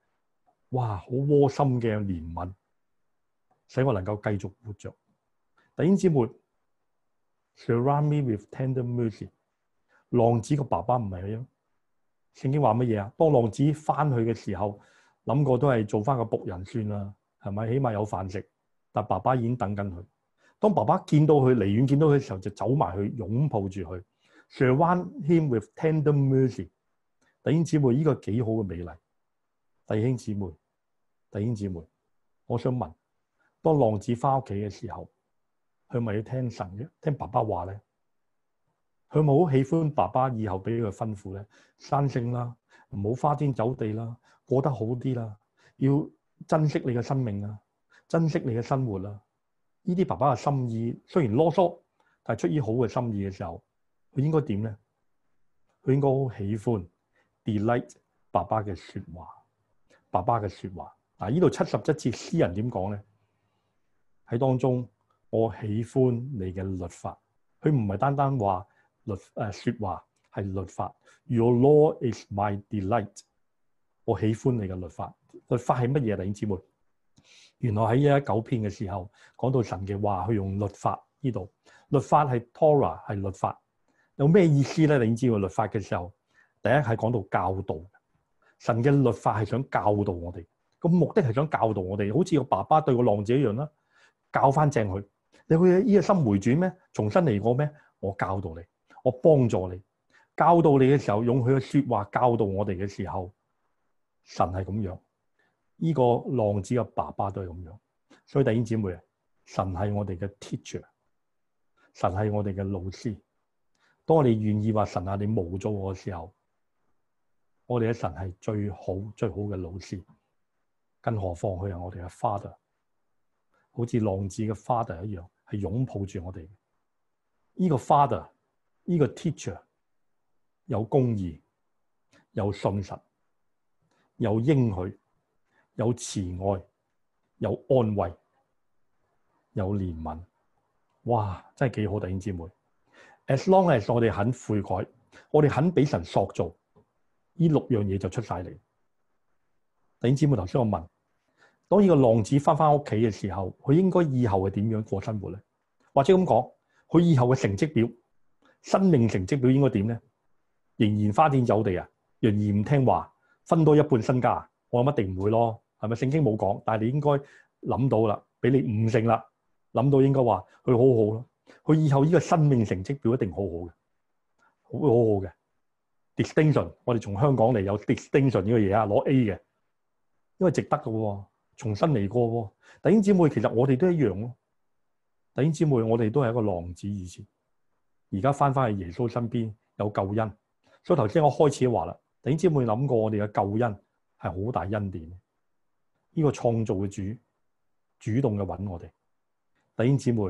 哇！好窩心嘅憐憫，使我能夠繼續活着。弟兄姊妹，surround me with tender mercy。浪子個爸爸唔係佢，聖經話乜嘢啊？當浪子翻去嘅時候，諗過都係做翻個僕人算啦，係咪？起碼有飯食。但爸爸已經等緊佢。當爸爸見到佢離遠見到佢嘅時候，就走埋去擁抱住佢，surround him with tender mercy、這個。弟兄姊妹，呢個幾好嘅美麗，弟兄姊妹。弟兄姊妹，我想問：當浪子返屋企嘅時候，佢咪要聽神嘅，聽爸爸話咧？佢咪好喜歡爸爸以後俾佢嘅吩咐咧，生性啦，唔好花天酒地啦，過得好啲啦，要珍惜你嘅生命啊，珍惜你嘅生活啦、啊。呢啲爸爸嘅心意雖然囉嗦，但係出於好嘅心意嘅時候，佢應該點咧？佢應該好喜歡 delight 爸爸嘅說話，爸爸嘅說話。嗱，依度七十七節詩人點講咧？喺當中，我喜歡你嘅律法，佢唔係單單話律誒説、呃、話，係律法。Your law is my delight，我喜歡你嘅律法。律法係乜嘢嚟？姐妹，原來喺一一九篇嘅時候講到神嘅話，佢用律法。呢度律法係 Torah、ah，係律法，有咩意思咧？你知唔知？律法嘅時候，第一係講到教導，神嘅律法係想教導我哋。個目的係想教導我哋，好似個爸爸對個浪子一樣啦，教翻正佢。你會以呢個心回轉咩？重新嚟過咩？我教導你，我幫助你。教導你嘅時候，用佢嘅說話教導我哋嘅時候，神係咁樣。呢個浪子嘅爸爸都係咁樣。所以弟兄姊妹啊，神係我哋嘅 teacher，神係我哋嘅老師。當你願意話神啊，你冇咗我嘅時候，我哋嘅神係最好最好嘅老師。更何況佢係我哋嘅 father，好似浪子嘅 father 一樣，係擁抱住我哋。呢、這個 father，呢、這個 teacher 有公義，有信實，有應許，有慈愛，有安慰，有憐憫。哇，真係幾好！弟兄姐妹，as long as 我哋肯悔改，我哋肯俾神塑造，呢六樣嘢就出晒嚟。弟兄姊妹，頭先我問。當呢個浪子翻翻屋企嘅時候，佢應該以後係點樣過生活咧？或者咁講，佢以後嘅成績表、生命成績表應該點咧？仍然花天酒地啊，仍然唔聽話，分多一半身家啊？我諗一定唔會咯，係咪聖經冇講？但係你應該諗到啦，俾你悟性啦，諗到應該話佢好好咯。佢以後呢個生命成績表一定好，好好嘅，會好好嘅 distinction。 我哋從香港嚟有 distinction 呢、呢個嘢啊，攞 A 嘅，因為值得㗎喎。重新嚟過，弟兄姊妹，其實我哋都一樣咯。弟兄姊妹，我哋都係一個浪子，以前而家返返去耶穌身邊有救恩。所以頭先我開始話啦，弟兄姊妹諗過我哋嘅救恩係好大恩典。呢、這個創造嘅主主動嘅揾我哋。弟兄姊妹，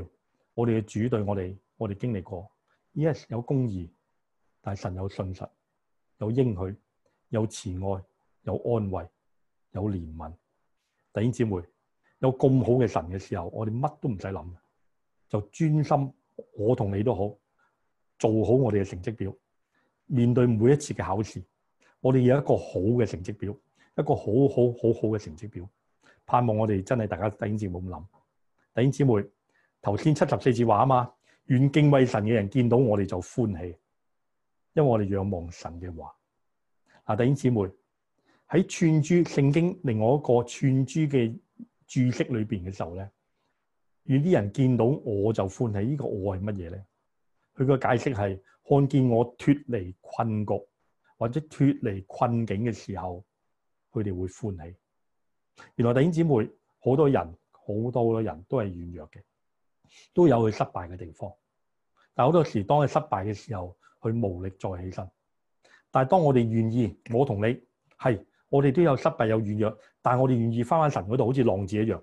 我哋嘅主對我哋，我哋經歷過，Yes 有公義，但神有信實，有應許，有慈愛，有安慰，有憐憫。弟兄姊妹，有咁好嘅神嘅時候，我哋乜都唔使諗，就專心，我同你都好，做好我哋嘅成績表，面對每一次嘅考試，我哋有一個好嘅成績表，一個好好好好嘅成績表，盼望我哋真係大家弟兄姊妹咁諗。弟兄姊妹，頭先七十四字話啊嘛，願敬畏神嘅人見到我哋就歡喜，因為我哋仰望神嘅話。嗱，弟兄姊妹。喺串珠聖經另外一個串珠嘅注釋裏邊嘅時候咧，有啲人見到我就歡喜，這個、呢個愛係乜嘢咧？佢個解釋係看見我脱離困局或者脱離困境嘅時候，佢哋會歡喜。原來弟兄姊妹，好多人好多人都係軟弱嘅，都有佢失敗嘅地方。但好多時當佢失敗嘅時候，佢無力再起身。但係當我哋願意，我同你係。我哋都有失敗，有軟弱，但我哋願意翻返神嗰度，好似浪子一樣。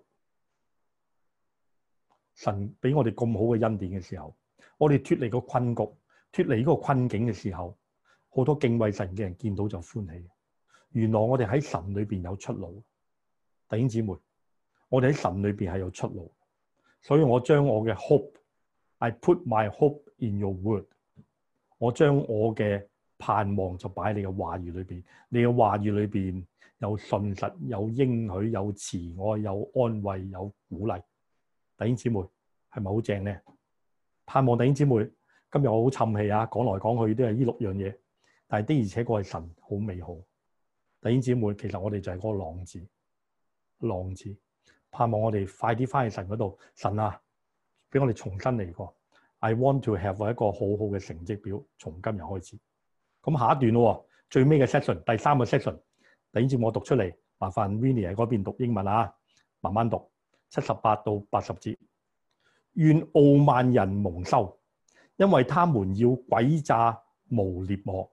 神俾我哋咁好嘅恩典嘅時候，我哋脱離個困局，脱離呢個困境嘅時候，好多敬畏神嘅人見到就歡喜。原來我哋喺神裏面有出路，弟兄姊妹，我哋喺神裏面係有出路。所以我將我嘅 hope，I put my hope in your word，我將我嘅盼望就擺喺你嘅話語裏邊，你嘅話語裏邊有信實，有應許，有慈愛，有安慰，有鼓勵。弟兄姊妹係咪好正咧？盼望弟兄姊妹今日我好沉氣啊，講來講去都係呢六樣嘢，但係的而且確係神好美好。弟兄姊妹，其實我哋就係嗰個浪子浪子，盼望我哋快啲翻去神嗰度。神啊，俾我哋重新嚟過。I want to have 一個好好嘅成績表，從今日開始。咁下一段咯，最尾嘅 section，第三個 section，等住我讀出嚟，麻煩 Vinny i 嗰邊讀英文啊，慢慢讀七十八到八十節。願傲慢人蒙羞，因為他們要詭詐騙污蔑我。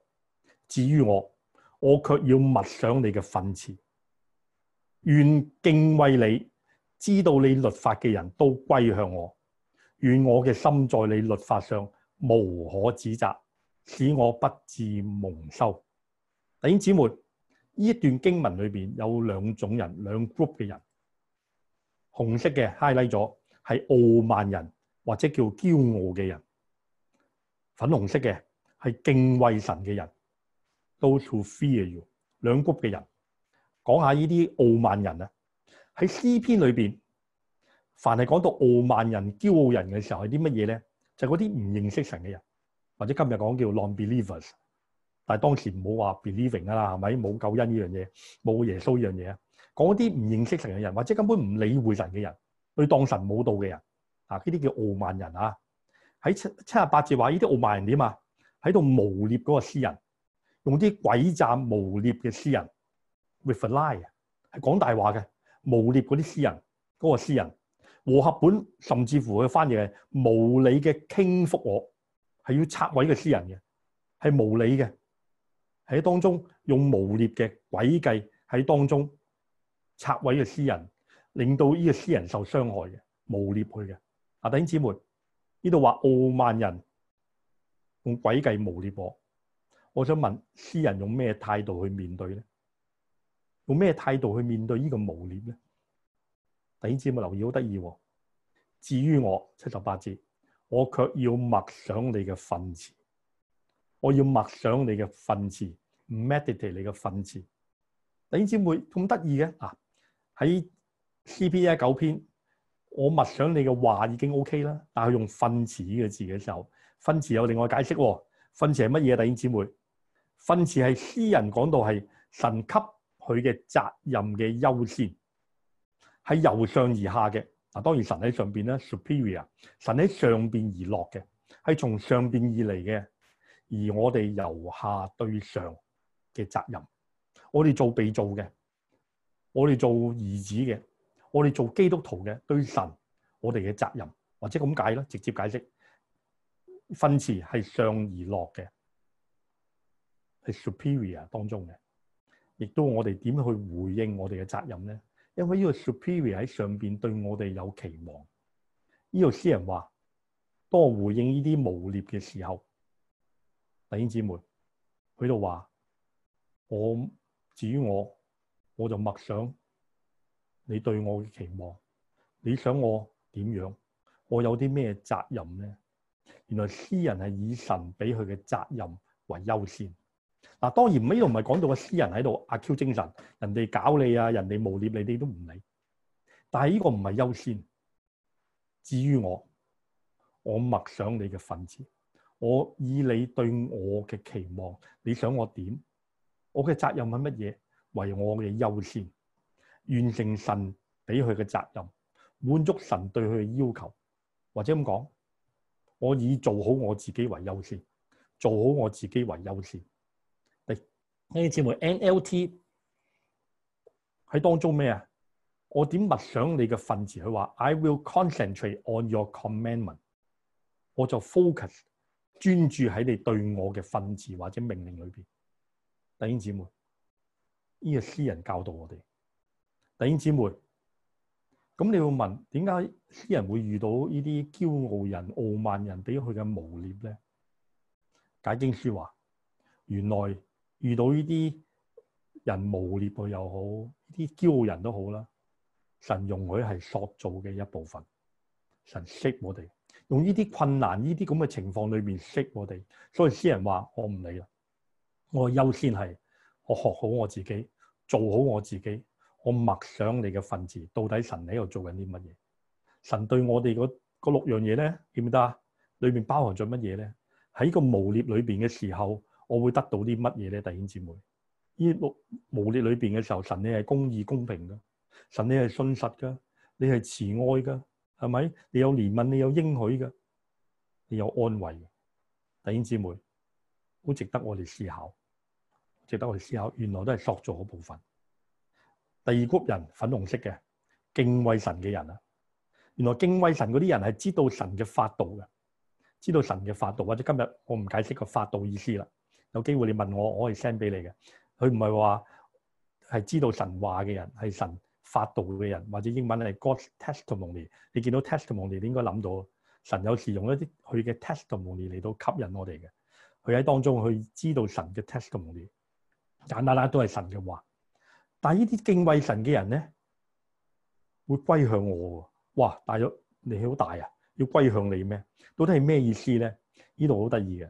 至於我，我卻要默想你嘅憤辭。願敬畏你知道你律法嘅人都歸向我，願我嘅心在你律法上無可指責。使我不自蒙羞。弟兄姊妹，呢一段經文裏邊有兩種人，兩 group 嘅人。紅色嘅 highlight 咗，係傲慢人或者叫驕傲嘅人；粉紅色嘅係敬畏神嘅人。those who fear you。兩 group 嘅人，講下呢啲傲慢人啊，喺詩篇裏邊，凡係講到傲慢人、驕傲人嘅時候，係啲乜嘢咧？就嗰啲唔認識神嘅人。或者今日講叫 non-believers，但係當時唔好話 believing 㗎啦，係咪？冇救恩呢樣嘢，冇耶穌呢樣嘢，講啲唔認識神嘅人，或者根本唔理會神嘅人，佢當神冇道嘅人，啊呢啲叫傲慢人啊。喺七七十八節話呢啲傲慢人點啊？喺度污蔑嗰個詩人，用啲詭詐污蔑嘅詩人，with a lie 係講大話嘅，污蔑嗰啲詩人，嗰個詩人。和合本甚至乎佢翻譯係無理嘅傾覆我。係要拆毀嘅私人嘅，係無理嘅，喺當中用誣衊嘅詭計喺當中拆毀嘅私人，令到呢個私人受傷害嘅誣衊佢嘅啊！弟兄姊妹，呢度話傲慢人用詭計誣衊我，我想問私人用咩態度去面對咧？用咩態度去面對呢，面對個誣衊咧？弟兄姊妹留意好得意，至於我七十八字。我卻要默想你嘅訓詞，我要默想你嘅訓詞，meditate 你嘅訓詞。弟兄姊妹咁得意嘅，嗱，喺 C.P.E. 九篇，我默想你嘅話已經 O.K. 啦，但係用訓詞嘅字嘅時候，訓詞有另外解釋喎。訓詞係乜嘢？弟兄姊妹，訓詞係詩人講到係神給佢嘅責任嘅優先，係由上而下嘅。嗱，當然神喺上邊咧，superior，神喺上邊而落嘅，係從上邊而嚟嘅。而我哋由下對上嘅責任，我哋做被造嘅，我哋做兒子嘅，我哋做基督徒嘅，對神我哋嘅責任，或者咁解啦，直接解釋，分詞係上而落嘅，係 superior 當中嘅，亦都我哋點去回應我哋嘅責任咧？因為呢個 superior 喺上面對我哋有期望，呢、呢個詩人話：當我回應呢啲冒劣嘅時候，弟兄姊妹，佢就話：我至於我，我就默想你對我嘅期望，你想我點樣？我有啲咩責任呢？原來詩人係以神俾佢嘅責任為優先。嗱，當然呢度唔係講到個私人喺度阿 Q 精神，人哋搞你啊，人哋誣衊你，你都唔理。但係呢個唔係優先。至於我，我默想你嘅份子，我以你對我嘅期望，你想我點？我嘅責任係乜嘢？為我嘅優先，完成神俾佢嘅責任，滿足神對佢嘅要求，或者咁講，我以做好我自己為優先，做好我自己為優先。弟兄姊妹，NLT 喺當中咩啊？我點默想你嘅訓詞？佢話：I will concentrate on your commandment，我就 focus 專注喺你對我嘅訓詞或者命令裏邊。弟兄姊妹，呢個詩人教導我哋。弟兄姊妹，咁你會問點解詩人會遇到呢啲驕傲人、傲慢人俾佢嘅誣衊咧？解經書話：原來。遇到呢啲人無劣佢又好，呢啲驕傲人都好啦，神容許係塑造嘅一部分。神識我哋，用呢啲困難、呢啲咁嘅情況裏面識我哋。所以詩人話：我唔理啦，我優先係我學好我自己，做好我自己。我默想你嘅份子，到底神喺度做緊啲乜嘢？神對我哋嗰六樣嘢咧，記唔記得？裏面包含咗乜嘢咧？喺個無劣裏邊嘅時候。我會得到啲乜嘢咧？弟兄姊妹，呢六無力裏邊嘅時候，神你係公義公平嘅，神你係信實嘅，你係慈愛嘅，係咪？你有憐憫，你有應許嘅，你有安慰。弟兄姊妹，好值得我哋思考，值得我哋思考。原來都係塑造嗰部分。第二谷人粉紅色嘅敬畏神嘅人啊，原來敬畏神嗰啲人係知道神嘅法度嘅，知道神嘅法度，或者今日我唔解釋個法度意思啦。有機會你問我，我可以 send 俾你嘅。佢唔係話係知道神話嘅人，係神發道嘅人，或者英文係 God's testimony。你見到 testimony，你應該諗到神有時用一啲佢嘅 testimony 嚟到吸引我哋嘅。佢喺當中去知道神嘅 testimony，簡單啦，都係神嘅話。但係呢啲敬畏神嘅人咧，會歸向我。哇！大約你好大啊，要歸向你咩？到底係咩意思咧？呢度好得意嘅。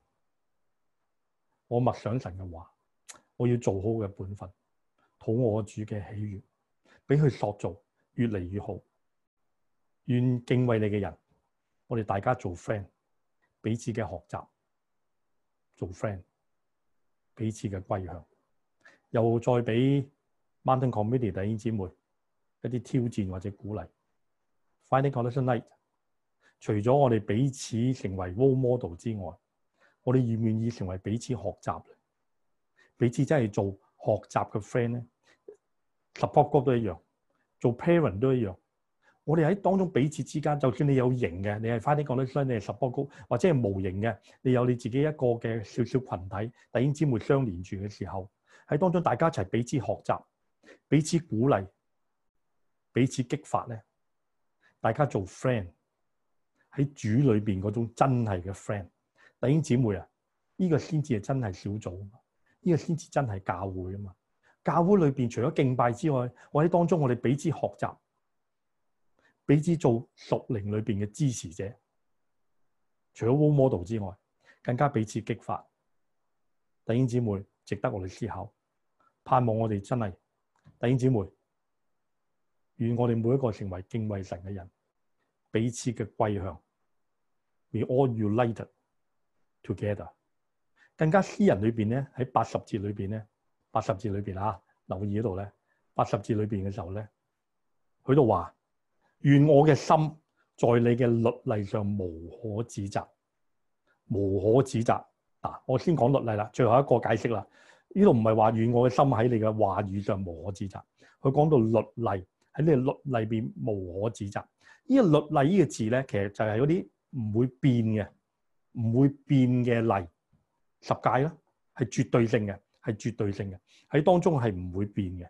我默想神嘅話，我要做好我嘅本分，討我主嘅喜悅，俾佢塑造越嚟越好。願敬畏你嘅人，我哋大家做 friend，彼此嘅學習，做 friend，彼此嘅歸向。又再俾 Mountain Community 弟兄姊妹一啲挑戰或者鼓勵，Finding Connection Light。除咗我哋彼此成為 role model 之外，我哋願唔願意成為彼此學習彼此真係做學習嘅 friend 咧，support group 都一樣，做 parent 都一樣。我哋喺當中彼此之間，就算你有形嘅，你係快啲講得衰，你係 support group，或者係無形嘅，你有你自己一個嘅少少群體突然之會相連住嘅時候，喺當中大家一齊彼此學習、彼此鼓勵、彼此激發咧，大家做 friend 喺主裏邊嗰種真係嘅 friend。弟兄姊妹啊，呢個先至係真係小組啊，呢個先至真係教會啊嘛。教會裏面除咗敬拜之外，我喺當中我哋彼此學習，彼此做屬靈裏面嘅支持者。除咗 role model 之外，更加彼此激發。弟兄姊妹，值得我哋思考，盼望我哋真係，弟兄姊妹，願我哋每一個成為敬畏神嘅人，彼此嘅歸向。We all united. Together，更加詩人裏邊咧，喺八十節裏邊咧，八十節裏邊啊，留意呢度咧，八十節裏邊嘅時候咧，佢都話：願我嘅心在你嘅律例上無可指責，無可指責。啊，我先講律例啦，最後一個解釋啦。呢度唔係話願我嘅心喺你嘅話語上無可指責，佢講到律例喺你嘅律例裏邊無可指責。呢個律例呢個字咧，其實就係嗰啲唔會變嘅。唔會變嘅例十戒啦，係絕對性嘅，係絕對性嘅喺當中係唔會變嘅，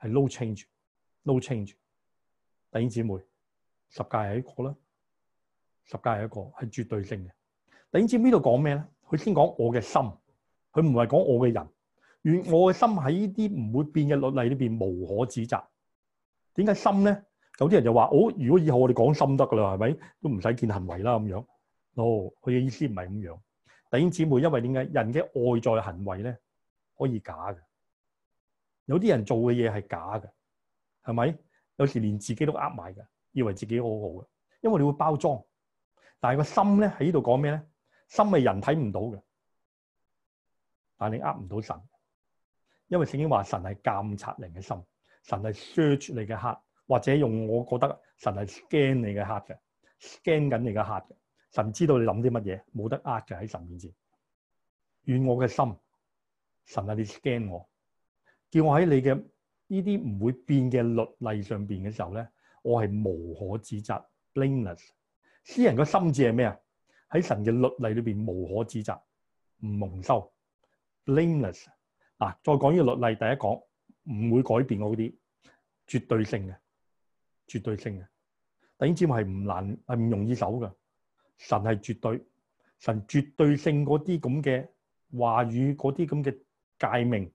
係 no change，no change。弟兄姊妹，十戒係一個啦，十戒係一個係絕對性嘅。弟兄姊妹呢，呢度講咩咧？佢先講我嘅心，佢唔係講我嘅人。而我嘅心喺呢啲唔會變嘅律例裏邊無可指責。點解心咧？有啲人就話：，我、哦、如果以後我哋講心得噶啦，係咪都唔使見行為啦咁樣？咯，佢嘅、哦、意思唔係咁樣。弟兄姊妹，因為點解人嘅外在行為咧，可以假嘅，有啲人做嘅嘢係假嘅，係咪？有時連自己都呃埋嘅，以為自己好好嘅，因為你會包裝。但係個心咧，喺呢度講咩咧？心係人睇唔到嘅，但係你呃唔到神，因為聖經話神係鑑察人嘅心，神係 search 你嘅 heart，或者用我覺得神係 scan 你嘅 heart 嘅，scan 緊你嘅 heart 嘅。神知道你諗啲乜嘢，冇得呃嘅喺神面前。願我嘅心，神啊，你 scan 我，叫我喺你嘅呢啲唔會變嘅律例上邊嘅時候咧，我係無可指責，blameless。詩人嘅心智係咩啊？喺神嘅律例裏邊無可指責，唔蒙羞，blameless。嗱 Bl，再講呢個律例，第一講唔會改變我啲絕對性嘅，絕對性嘅。第二，呢係唔難，係唔容易守嘅。神係絕對，神絕對性嗰啲咁嘅話語，嗰啲咁嘅誡命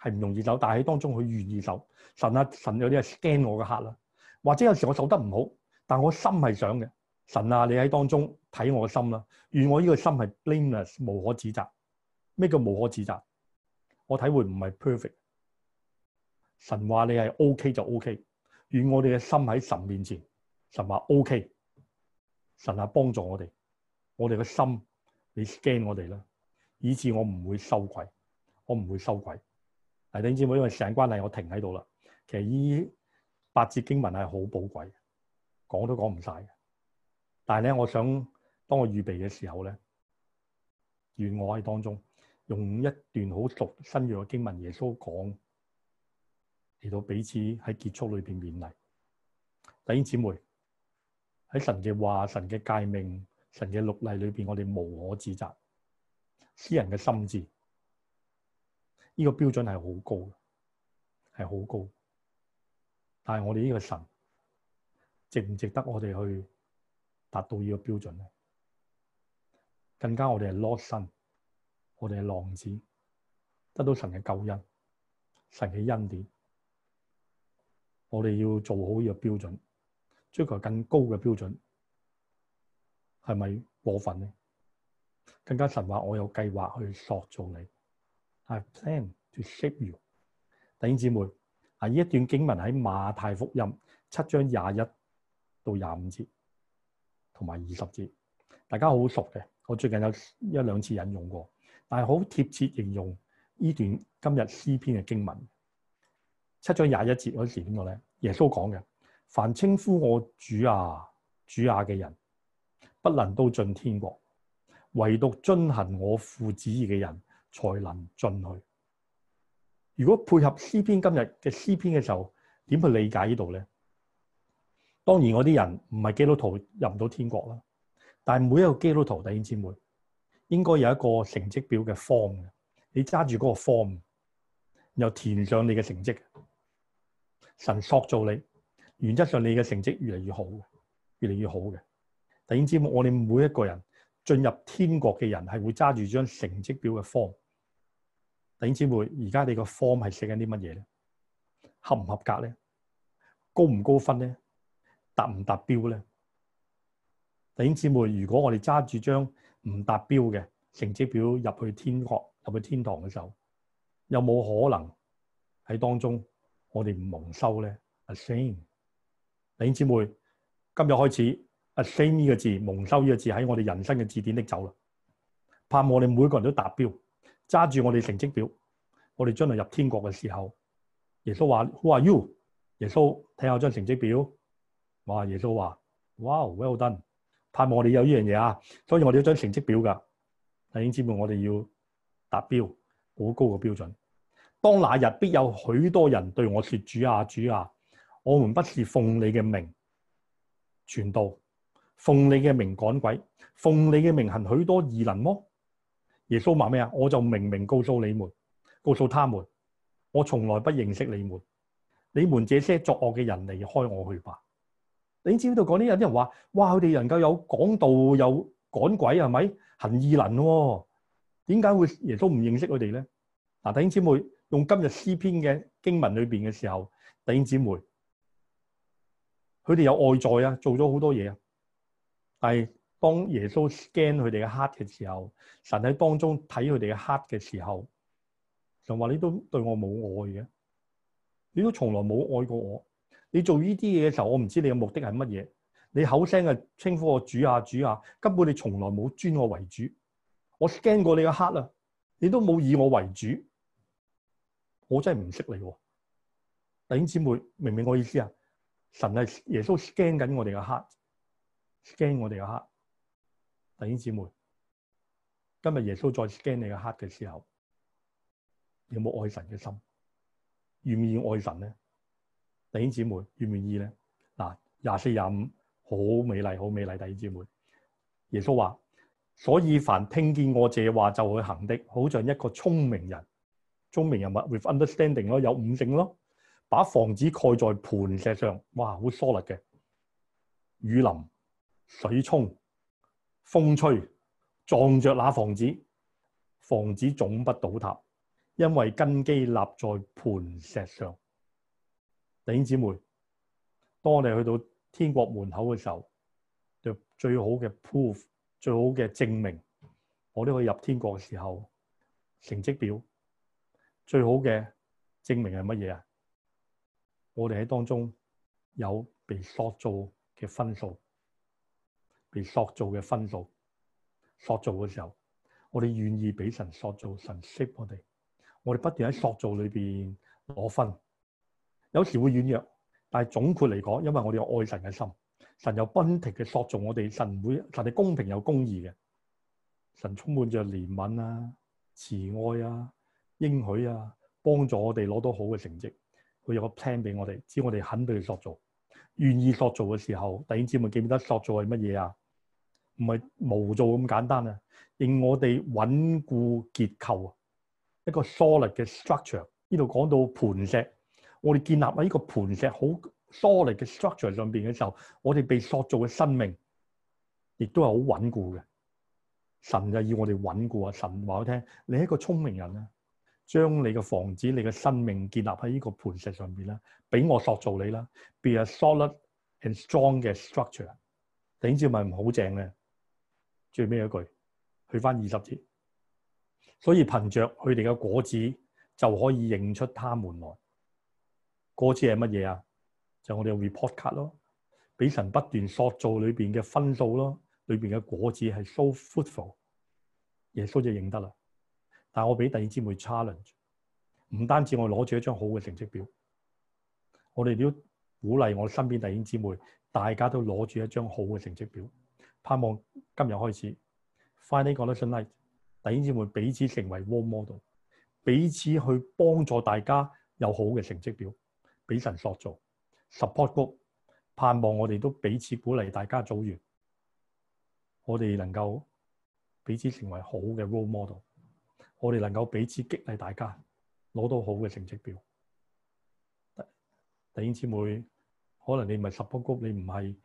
係唔容易守，但係喺當中佢願意守。神啊，神有啲係驚我嘅客啦，或者有時我守得唔好，但我心係想嘅。神啊，你喺當中睇我嘅心啦，願我呢個心係 blameless，無可指責。咩叫無可指責？我體會唔係 perfect。神話你係 OK 就 OK，願我哋嘅心喺神面前，神話 OK。神啊，幫助我哋，我哋嘅心，你驚我哋啦，以致我唔會羞愧，我唔會羞愧。啊，弟兄姊妹，因為時間關係，我停喺度啦。其實依八節經文係好寶貴，講都講唔晒嘅。但係咧，我想當我預備嘅時候咧，願我喺當中用一段好熟新約嘅經文，耶穌講嚟到彼此喺結束裏邊勉勵弟兄姊妹。喺神嘅話、神嘅誡命、神嘅律例裏面，我哋無可指責。私人嘅心智，呢、這個標準係好高的，係好高的。但係我哋呢個神，值唔值得我哋去達到呢個標準呢？更加我哋係 lost son，我哋係浪子，得到神嘅救恩、神嘅恩典，我哋要做好呢個標準。追求更高嘅標準係咪過分呢？更加神話，我有計劃去塑造你，I plan to shape you。弟兄姊妹，啊，呢一段經文喺馬太福音七章廿一到廿五節同埋二十節，大家好熟嘅。我最近有一兩次引用過，但係好貼切形容呢段今日詩篇嘅經文。七章廿一節嗰時邊個咧？耶穌講嘅。凡稱呼我主啊，主啊嘅人，不能都進天國，唯獨遵行我父旨意嘅人才能進去。如果配合詩篇今日嘅詩篇嘅時候，點去理解呢度呢？當然，我啲人唔係基督徒入唔到天國啦。但係每一個基督徒弟兄姊妹，應該有一個成績表嘅 form，你揸住嗰個 form，然後填上你嘅成績。神塑造你。原則上，你嘅成績越嚟越好，越嚟越好嘅。弟兄姊妹，我哋每一個人進入天國嘅人係會揸住張成績表嘅方。弟兄姊妹，而家你個方係寫緊啲乜嘢咧？合唔合格呢？高唔高分呢？達唔達標呢？弟兄姊妹，如果我哋揸住張唔達標嘅成績表入去天國、入去天堂嘅時候，有冇可能喺當中我哋蒙羞呢？A shame！弟兄姊妹，今日開始，ashamed 呢個字、蒙羞呢個字喺我哋人生嘅字典拎走啦。盼望我哋每個人都達標，揸住我哋成績表，我哋將來入天國嘅時候，耶穌話：Who are you？耶穌睇下張成績表，哇！耶穌話：Wow，well done！盼望我哋有呢樣嘢啊，所以我哋有張成績表㗎。弟兄姊妹，我哋要達標，好高嘅標準。當那日必有許多人對我說：主啊，主啊！我們不是奉你嘅名傳道，奉你嘅名趕鬼，奉你嘅名行許多異能麼？耶穌話咩啊？我就明明告訴你們，告訴他們，我從來不認識你們，你們這些作惡嘅人，離開我去吧。弟兄姊妹，呢度講啲人，啲人話，哇，佢哋能夠有講道，有趕鬼，係咪行異能，哦？點解會耶穌唔認識佢哋咧？嗱，弟兄姊妹用今日詩篇嘅經文裏邊嘅時候，弟兄姊妹。佢哋有外在啊，做咗好多嘢啊，但係當耶穌 scan 佢哋嘅 heart 嘅時候，神喺當中睇佢哋嘅 heart 嘅時候，神話你都對我冇愛嘅，你都從來冇愛過我，你做呢啲嘢嘅時候，我唔知你嘅目的係乜嘢，你口聲啊稱呼我主啊主啊，根本你從來冇尊我為主，我 scan 過你嘅 heart 啊，你都冇以我為主，我真係唔識你，弟兄姊妹明唔明我意思啊？神係耶穌 scan 緊我哋嘅黑，scan 我哋嘅黑。弟兄姊妹，今日耶穌再 scan 你嘅黑嘅時候，有冇愛神嘅心？願唔願意愛神咧？弟兄姊妹，願唔願意咧？嗱，廿四廿五，好美麗，好美麗。弟兄姊妹，耶穌話：所以凡聽見我這話就去行的，好像一個聰明人，聰明人物 with understanding 咯，有五性咯。把房子蓋在磐石上，哇，好疏立嘅。雨淋、水沖、風吹，撞着那房子，房子總不倒塌，因為根基立在磐石上。弟兄姊妹，當你去到天國門口嘅時候，最好嘅 proof，最好嘅證明，我哋可以入天國嘅時候，成績表最好嘅證明係乜嘢？我哋喺當中有被塑造嘅分數，被塑造嘅分數，塑造嘅時候，我哋願意俾神塑造，神識我哋，我哋不斷喺塑造裏邊攞分。有時會軟弱，但係總括嚟講，因為我哋有愛神嘅心，神有不停嘅塑造我哋，神會，神係公平有公義嘅，神充滿着憐憫啊、慈愛啊、應許啊，幫助我哋攞到好嘅成績。會有個 plan 俾我哋，只要我哋肯畀佢塑造，願意塑造嘅時候，弟兄姊妹記唔記得塑造係乜嘢啊？唔係無做咁簡單啊！令我哋穩固結構，一個 solid 嘅 structure。呢度講到盤石，我哋建立喺呢個盤石好 solid 嘅 structure 上邊嘅時候，我哋被塑造嘅生命，亦都係好穩固嘅。神就要我哋穩固啊！神話我聽，你係一個聰明人啊！將你嘅房子、你嘅生命建立喺呢個磐石上面啦，俾我塑造你啦，be a solid and strong 嘅 structure，頂少咪好正咧。最尾一句，去翻二十節。所以憑着佢哋嘅果子就可以認出他們來。果子係乜嘢啊？就是、我哋 report card 咯，俾神不斷塑造裏面嘅分數咯，裏面嘅果子係 so fruitful，耶穌就認得啦。但我俾弟兄姊妹 challenge，唔單止我攞住一張好嘅成績表，我哋都鼓勵我身邊弟兄姊妹，大家都攞住一張好嘅成績表，盼望今日開始 finding a lesson like，弟兄姊妹彼此成為 role model，彼此去幫助大家有好嘅成績表，俾神塑造 support group，盼望我哋都彼此鼓勵大家組員，我哋能夠彼此成為好嘅 role model。我哋能夠彼此激勵大家攞到好嘅成績表。弟兄姊妹，可能你唔係 support group，你唔係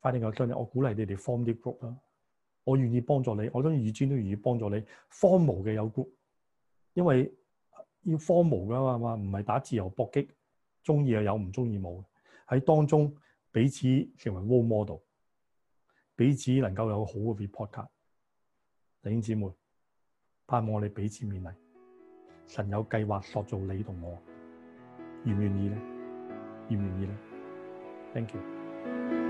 快啲嚟。我鼓勵你哋 form the group 我願意幫助你，我中、e、意二專都願意幫助你。formal 嘅有 group，因為要 formal 噶嘛嘛，唔係打自由搏擊，中意又有唔中意冇。喺當中彼此成為 role model，彼此能夠有好嘅 report card。弟兄姊妹。盼望你哋彼此勉勵，神有計劃塑造你同我，願唔願意呢？願唔願意呢？Thank you。